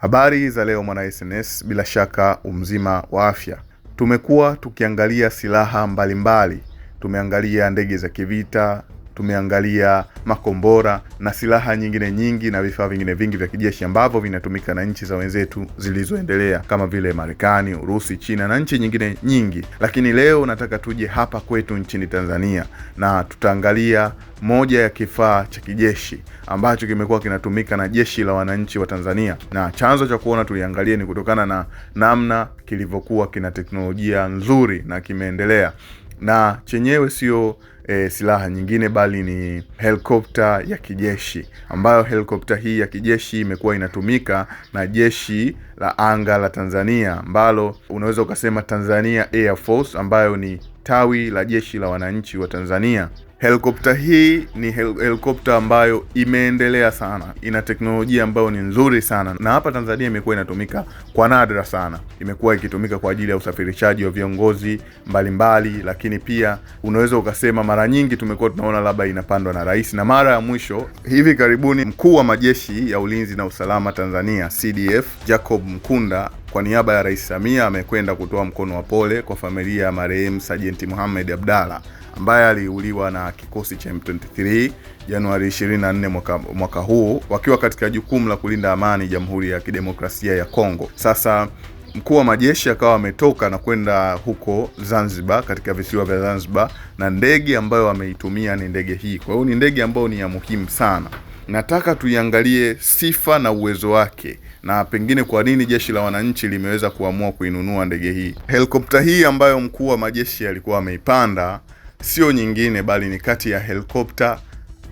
Habari za leo mwana SNS, bila shaka umzima wa afya. Tumekuwa tukiangalia silaha mbalimbali mbali. Tumeangalia ndege za kivita, tumeangalia makombora na silaha nyingine nyingi na vifaa vingine vingi vya kijeshi ambavyo vinatumika na nchi za wenzetu zilizoendelea kama vile Marekani, Urusi, China na nchi nyingine nyingi. Lakini leo nataka tuje hapa kwetu nchini Tanzania na tutaangalia moja ya kifaa cha kijeshi ambacho kimekuwa kinatumika na jeshi la wananchi wa Tanzania, na chanzo cha kuona tuliangalie ni kutokana na namna kilivyokuwa kina teknolojia nzuri na kimeendelea, na chenyewe sio e, silaha nyingine bali ni helikopta ya kijeshi ambayo helikopta hii ya kijeshi imekuwa inatumika na jeshi la anga la Tanzania ambalo unaweza ukasema Tanzania Air Force ambayo ni tawi la jeshi la wananchi wa Tanzania. Helikopta hii ni helikopta ambayo imeendelea sana, ina teknolojia ambayo ni nzuri sana, na hapa Tanzania imekuwa inatumika kwa nadra sana. Imekuwa ikitumika kwa ajili ya usafirishaji wa viongozi mbalimbali mbali, lakini pia unaweza ukasema mara nyingi tumekuwa tunaona labda inapandwa na rais, na mara ya mwisho hivi karibuni mkuu wa majeshi ya ulinzi na usalama Tanzania CDF Jacob Mkunda kwa niaba ya Rais Samia amekwenda kutoa mkono wa pole kwa familia ya marehemu Sajenti Mohamed Abdalla ambaye aliuliwa na kikosi cha M23 Januari 24 mwaka, mwaka huu wakiwa katika jukumu la kulinda amani Jamhuri ya Kidemokrasia ya Kongo. Sasa mkuu wa majeshi akawa ametoka na kwenda huko Zanzibar katika visiwa vya Zanzibar na ndege ambayo ameitumia ni ndege hii. Kwa hiyo ni ndege ambayo ni ya muhimu sana nataka tuiangalie sifa na uwezo wake na pengine kwa nini jeshi la wananchi limeweza kuamua kuinunua ndege hii. Helikopta hii ambayo mkuu wa majeshi alikuwa ameipanda sio nyingine bali ni kati ya helikopta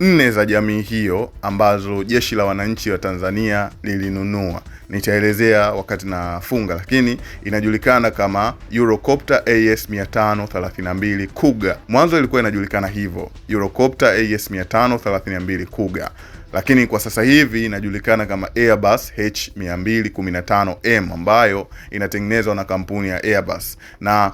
nne za jamii hiyo ambazo Jeshi la Wananchi wa Tanzania lilinunua. Nitaelezea wakati nafunga, lakini inajulikana kama Eurocopter AS 532 Kuga. Mwanzo ilikuwa inajulikana hivyo Eurocopter AS 532 Kuga, lakini kwa sasa hivi inajulikana kama Airbus H215M ambayo inatengenezwa na kampuni ya Airbus na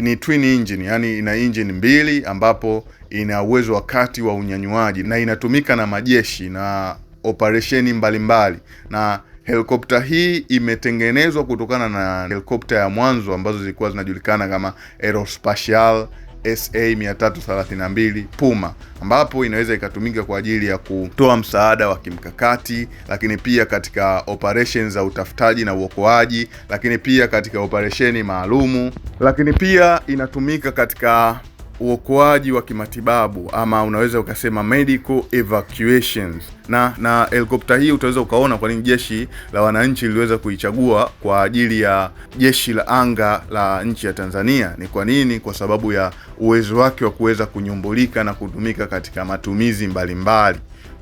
ni twin engine, yani ina engine mbili ambapo ina uwezo wakati wa unyanyuaji na inatumika na majeshi na operesheni mbalimbali na helikopta hii imetengenezwa kutokana na helikopta ya mwanzo ambazo zilikuwa zinajulikana kama Aerospatial SA 332 Puma ambapo inaweza ikatumika kwa ajili ya kutoa msaada wa kimkakati, lakini pia katika operation za utafutaji na uokoaji, lakini pia katika operesheni maalumu, lakini pia inatumika katika uokoaji wa kimatibabu ama unaweza ukasema medical evacuations na na helikopta hii utaweza ukaona kwa nini jeshi la wananchi liliweza kuichagua kwa ajili ya jeshi la anga la nchi ya Tanzania. Ni kwa nini? Kwa sababu ya uwezo wake wa kuweza kunyumbulika na kutumika katika matumizi mbalimbali mbali.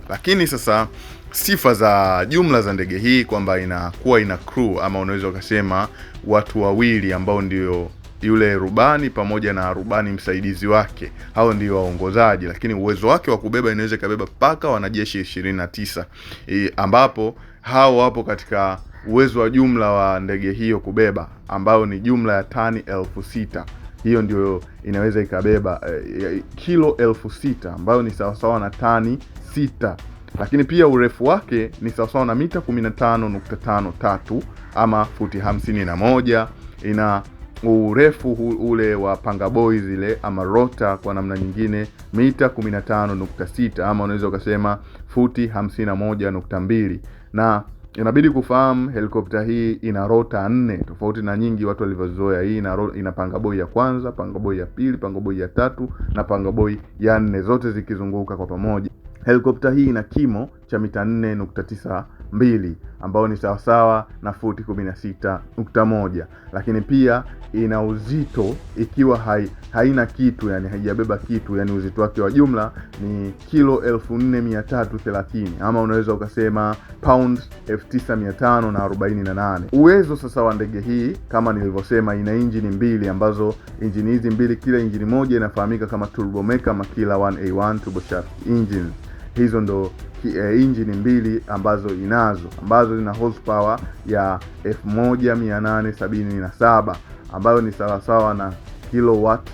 Lakini sasa sifa za jumla za ndege hii kwamba inakuwa ina crew ama unaweza ukasema watu wawili ambao ndio yule rubani pamoja na rubani msaidizi wake, hao ndio waongozaji, lakini uwezo wake wa kubeba inaweza ikabeba mpaka wanajeshi ishirini na tisa e, ambapo hao wapo katika uwezo wa jumla wa ndege hiyo kubeba ambayo ni jumla ya tani elfu sita hiyo ndio inaweza ikabeba e, e, kilo elfu sita ambayo ni sawasawa na tani sita lakini pia urefu wake ni sawasawa na mita 15.53 ama futi 51 ina urefu ule wa Panga Boys ile ama rota kwa namna nyingine mita 15.6 ama unaweza ukasema futi 51.2 na inabidi kufahamu helikopta hii ina rota nne tofauti na nyingi watu walivyozoea. Hii ina, ina pangaboi ya kwanza, pangaboi ya pili, pangaboi ya tatu na pangaboi ya nne, zote zikizunguka kwa pamoja. Helikopta hii ina kimo cha mita 4.9 mbili ambayo ni sawasawa na futi 16.1, lakini pia ina uzito ikiwa hai, haina kitu yani haijabeba kitu yani uzito wake wa jumla ni kilo 4330 ama unaweza ukasema pound 9548. Uwezo sasa wa ndege hii kama nilivyosema, ina injini mbili ambazo injini hizi mbili, kila injini moja inafahamika kama turbomeka Makila 1A1 turboshaft engine hizo ndo eh, injini mbili ambazo inazo ambazo zina horsepower ya 1877 ambayo ni sawasawa na kilowat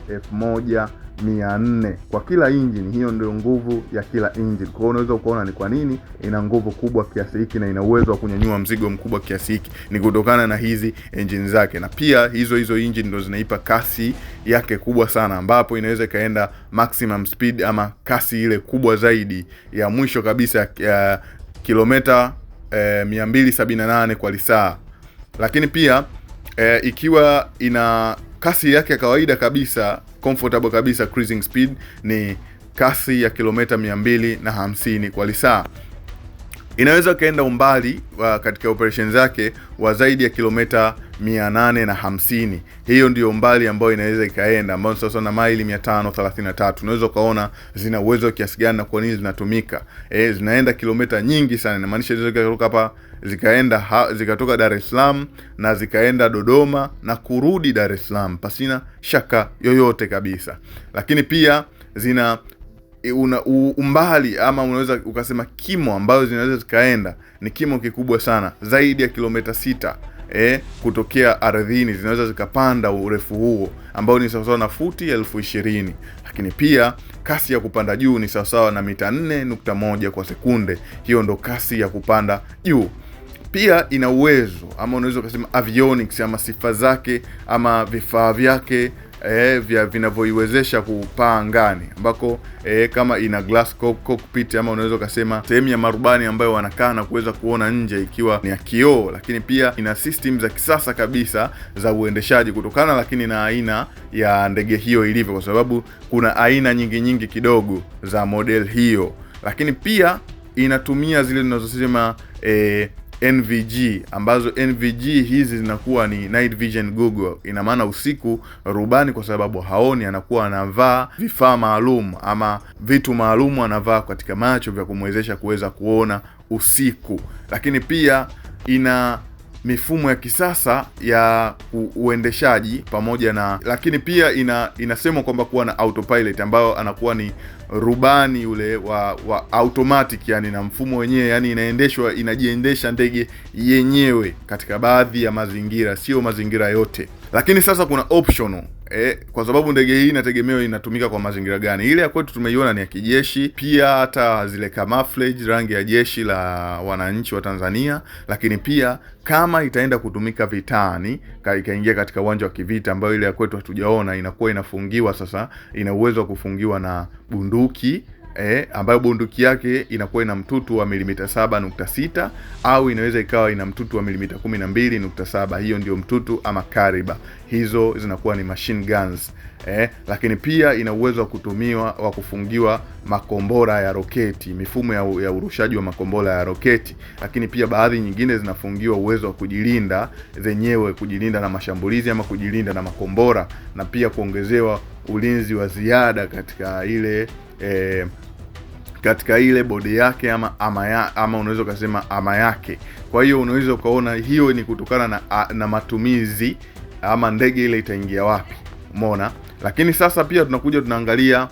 mia nne kwa kila injini. Hiyo ndio nguvu ya kila injini. Kwa hiyo unaweza ukaona ni kwa nini ina nguvu kubwa kiasi hiki na ina uwezo wa kunyanyua mzigo mkubwa kiasi hiki, ni kutokana na hizi injini zake, na pia hizo hizo injini ndo zinaipa kasi yake kubwa sana, ambapo inaweza ikaenda maximum speed ama kasi ile kubwa zaidi ya mwisho kabisa ya kilomita eh, 278 kwa lisaa, lakini pia eh, ikiwa ina kasi yake ya kawaida kabisa comfortable kabisa cruising speed ni kasi ya kilomita 250 kwa lisaa inaweza ukaenda umbali wa uh, katika operation zake wa zaidi ya kilomita hamsini. Hiyo ndiyo mbali ambayo inaweza ikaenda, ambayo ni sawasawa na maili tatu. Unaweza ukaona zina uwezo kiasi gani na kwa nini zinatumika. E, zinaenda kilomita nyingi sana, inamaanisha kutoka hapa zikaenda ha, zikatoka Dar es Salaam na zikaenda Dodoma na kurudi Dar es Salaam pasina shaka yoyote kabisa, lakini pia zina e, una umbali ama unaweza ukasema kimo ambayo zinaweza zikaenda ni kimo kikubwa sana zaidi ya kilomita sita eh, kutokea ardhini zinaweza zikapanda urefu huo ambao ni sawasawa na futi elfu ishirini lakini pia kasi ya kupanda juu ni sawasawa na mita 4.1 kwa sekunde. Hiyo ndo kasi ya kupanda juu. Pia ina uwezo ama unaweza ukasema avionics ama sifa zake ama vifaa vyake eh, vya vinavyoiwezesha kupaa angani ambako eh, kama ina glass cockpit ama unaweza ukasema sehemu ya marubani ambayo wanakaa na kuweza kuona nje ikiwa ni ya kioo, lakini pia ina system za kisasa kabisa za uendeshaji kutokana lakini na aina ya ndege hiyo ilivyo, kwa sababu kuna aina nyingi nyingi kidogo za model hiyo, lakini pia inatumia zile tunazosema eh, NVG ambazo NVG hizi zinakuwa ni night vision Google. Ina maana usiku rubani, kwa sababu haoni, anakuwa anavaa vifaa maalum ama vitu maalum anavaa katika macho vya kumwezesha kuweza kuona usiku, lakini pia ina mifumo ya kisasa ya uendeshaji pamoja na lakini pia ina inasemwa kwamba kuwa na autopilot ambayo anakuwa ni rubani yule wa, wa automatic yani na mfumo wenyewe yani inaendeshwa inajiendesha ndege yenyewe katika baadhi ya mazingira, sio mazingira yote. Lakini sasa kuna optional eh, kwa sababu ndege hii inategemewa inatumika kwa mazingira gani. Ile ya kwetu tumeiona ni ya kijeshi, pia hata zile camouflage, rangi ya jeshi la wananchi wa Tanzania, lakini pia kama itaenda kutumika vitani, ikaingia katika uwanja wa kivita, ambayo ile ya kwetu hatujaona, inakuwa inafungiwa sasa, ina uwezo wa kufungiwa na bunduki eh, ambayo bunduki yake inakuwa ina mtutu wa milimita saba nukta sita au inaweza ikawa ina mtutu wa milimita kumi na mbili nukta saba Hiyo ndio mtutu ama kariba, hizo zinakuwa ni machine guns eh, lakini pia ina uwezo wa kutumiwa wa kufungiwa makombora ya roketi, mifumo ya, ya urushaji wa makombora ya roketi, lakini pia baadhi nyingine zinafungiwa uwezo wa kujilinda zenyewe, kujilinda na mashambulizi ama kujilinda na makombora, na pia kuongezewa ulinzi wa ziada katika ile eh, katika ile bodi yake ama ama, ya, ama unaweza ukasema ama yake. Kwa hiyo unaweza ukaona hiyo ni kutokana na, na matumizi ama ndege ile itaingia wapi, umeona. Lakini sasa pia tunakuja tunaangalia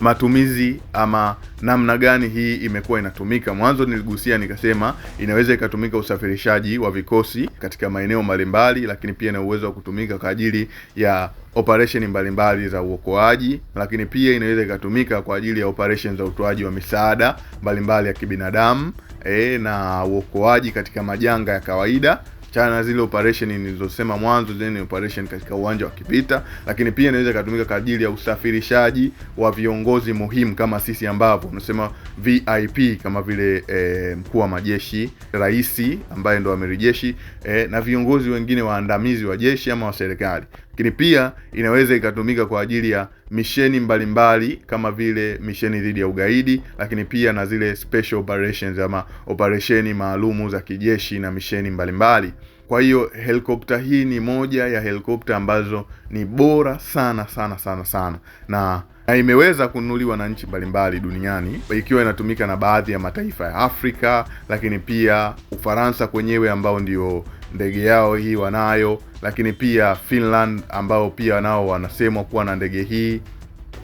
matumizi ama namna gani hii imekuwa inatumika. Mwanzo niligusia nikasema inaweza ikatumika usafirishaji wa vikosi katika maeneo mbalimbali, lakini pia ina uwezo wa kutumika kwa ajili ya operesheni mbalimbali za uokoaji, lakini pia inaweza ikatumika kwa ajili ya operesheni za utoaji wa misaada mbalimbali ya kibinadamu e, na uokoaji katika majanga ya kawaida chana na zile operation nilizosema mwanzo, zile ni operation katika uwanja wa kivita, lakini pia inaweza ikatumika kwa ajili ya usafirishaji wa viongozi muhimu kama sisi ambavyo unasema VIP kama vile e, mkuu wa majeshi, rais ambaye ndo amiri jeshi eh, na viongozi wengine waandamizi wa jeshi ama wa serikali, lakini pia inaweza ikatumika kwa ajili ya misheni mbalimbali mbali, kama vile misheni dhidi ya ugaidi, lakini pia na zile special operations ama operesheni maalumu za kijeshi na misheni mbalimbali mbali. Kwa hiyo helikopta hii ni moja ya helikopta ambazo ni bora sana sana sana sana na na imeweza kununuliwa na nchi mbalimbali duniani ikiwa inatumika na baadhi ya mataifa ya Afrika, lakini pia Ufaransa kwenyewe ambao ndio ndege yao hii wanayo, lakini pia Finland ambao pia nao wanasemwa kuwa na ndege hii.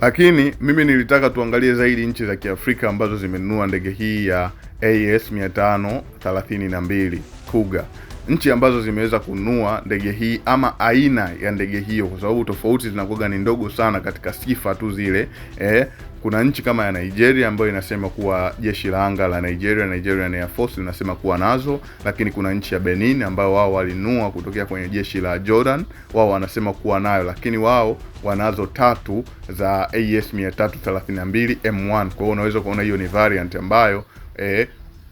Lakini mimi nilitaka tuangalie zaidi nchi za Kiafrika ambazo zimenunua ndege hii ya AS 532 Kuga nchi ambazo zimeweza kununua ndege hii ama aina ya ndege hiyo, kwa sababu tofauti zinakuwa ni ndogo sana katika sifa tu zile eh, kuna nchi kama ya Nigeria ambayo inasema kuwa jeshi la anga la Nigeria Nigerian Air Force linasema kuwa nazo, lakini kuna nchi ya Benin ambayo wao walinua kutokea kwenye jeshi la Jordan, wao wanasema kuwa nayo, lakini wao wanazo tatu za AS 332 M1. Kwa hiyo unaweza kuona hiyo ni variant ambayo eh,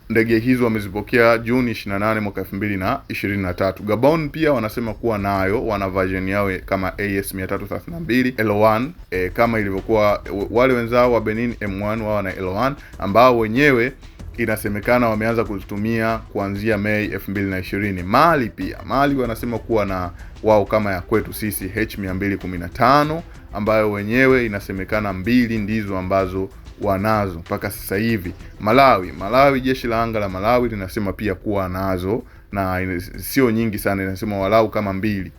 ndege hizo wamezipokea Juni 28 mwaka 2023. Gabon pia wanasema kuwa nayo wana version yao kama AS 332 L1 e, kama ilivyokuwa eh, wale wenzao wa Benin M1 wao na L1 ambao wenyewe inasemekana wameanza kuzitumia kuanzia Mei 2020. Mali pia Mali wanasema kuwa na wao kama ya kwetu sisi H215 ambayo wenyewe inasemekana mbili ndizo ambazo wanazo mpaka sasa hivi. Malawi, Malawi jeshi la anga la Malawi linasema pia kuwa nazo na sio nyingi sana, inasema walau kama mbili.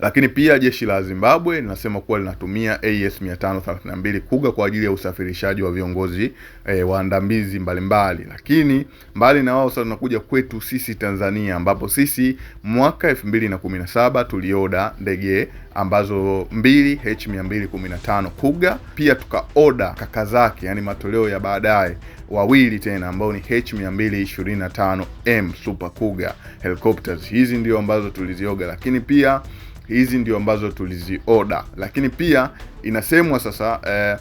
Lakini pia jeshi la Zimbabwe linasema kuwa linatumia AS 532 Kuga kwa ajili ya usafirishaji wa viongozi e, waandamizi mbalimbali. Lakini mbali na wao sasa tunakuja kwetu sisi Tanzania ambapo sisi mwaka 2017 tulioda ndege ambazo mbili H215 Kuga, pia tukaoda kaka zake, yani matoleo ya baadaye wawili tena ambao ni H225M Super Kuga helicopters. Hizi ndio ambazo tulizioga, lakini pia hizi ndio ambazo tulizioda, lakini pia inasemwa sasa eh,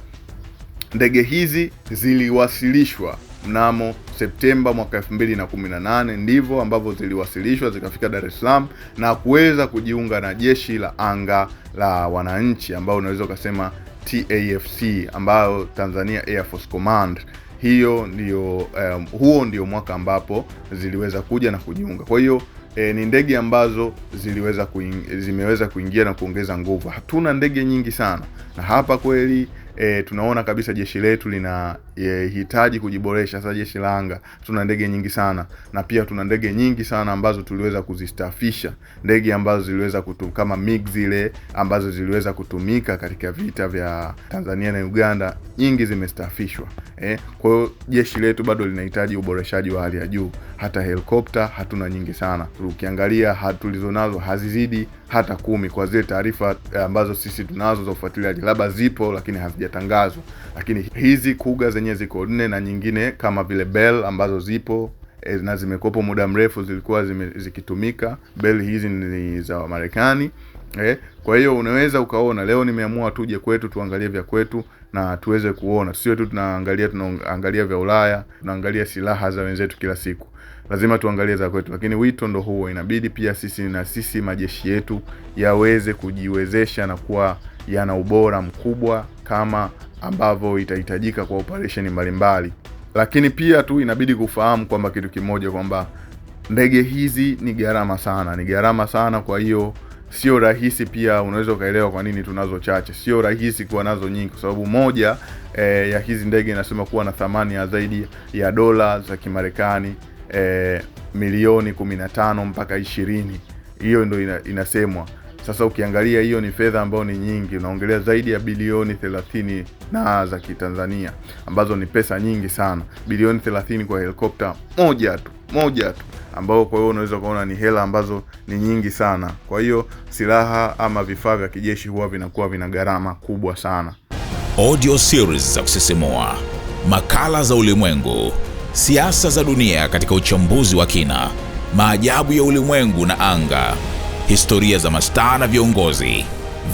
ndege hizi ziliwasilishwa mnamo Septemba mwaka 2018 ndivyo ambavyo ziliwasilishwa zikafika Dar es Salaam na kuweza kujiunga na jeshi la anga la wananchi ambao unaweza ukasema TAFC ambayo Tanzania Air Force Command. Hiyo ndio um, huo ndio mwaka ambapo ziliweza kuja na kujiunga. Kwa hiyo e, ni ndege ambazo ziliweza kuing, zimeweza kuingia na kuongeza nguvu. Hatuna ndege nyingi sana, na hapa kweli e, tunaona kabisa jeshi letu linahitaji e, kujiboresha. Sasa jeshi la anga tuna ndege nyingi sana, na pia tuna ndege nyingi sana ambazo tuliweza kuzistafisha, ndege ambazo ziliweza kutu, kama MiG zile ambazo ziliweza kutumika katika vita vya Tanzania na Uganda, nyingi zimestafishwa eh. Kwa hiyo jeshi letu bado linahitaji uboreshaji wa hali ya juu. Hata helikopta hatuna nyingi sana, ukiangalia tulizonazo hazizidi hata kumi kwa zile taarifa eh, ambazo sisi tunazo za ufuatiliaji, labda zipo lakini hazijatangazwa. Lakini hizi kuga zenyewe ziko nne na nyingine kama vile bell ambazo zipo e, na zimekuwepo muda mrefu, zilikuwa zime, zikitumika. Bell hizi ni za Marekani. Eh, kwa hiyo unaweza ukaona leo nimeamua tuje kwetu tuangalie vya kwetu na tuweze kuona, sio tu tunaangalia tunaangalia vya Ulaya, tunaangalia silaha za wenzetu kila siku. Lazima tuangalie za kwetu, lakini wito ndo huo. Inabidi pia sisi na sisi majeshi yetu yaweze kujiwezesha na kuwa yana ubora mkubwa kama ambavyo itahitajika kwa operesheni mbalimbali. Lakini pia tu inabidi kufahamu kwamba kitu kimoja, kwamba ndege hizi ni gharama sana, ni gharama sana, kwa hiyo sio rahisi pia, unaweza ukaelewa kwa nini tunazo chache. Sio rahisi kuwa nazo nyingi, kwa sababu moja e, ya hizi ndege inasema kuwa na thamani ya zaidi ya dola za Kimarekani e, milioni 15 mpaka ishirini. Hiyo ndio ina, inasemwa sasa. Ukiangalia hiyo ni fedha ambayo ni nyingi, unaongelea zaidi ya bilioni 30 na za Kitanzania ambazo ni pesa nyingi sana, bilioni 30 kwa helikopta moja tu moja tu ambao kwa hiyo unaweza kuona ni hela ambazo ni nyingi sana. Kwa hiyo silaha ama vifaa vya kijeshi huwa vinakuwa vina gharama kubwa sana. Audio series za kusisimua, makala za ulimwengu, siasa za dunia katika uchambuzi wa kina, maajabu ya ulimwengu na anga, historia za mastaa na viongozi,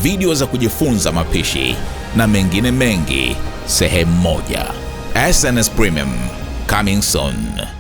video za kujifunza mapishi na mengine mengi, sehemu moja. SNS Premium coming soon.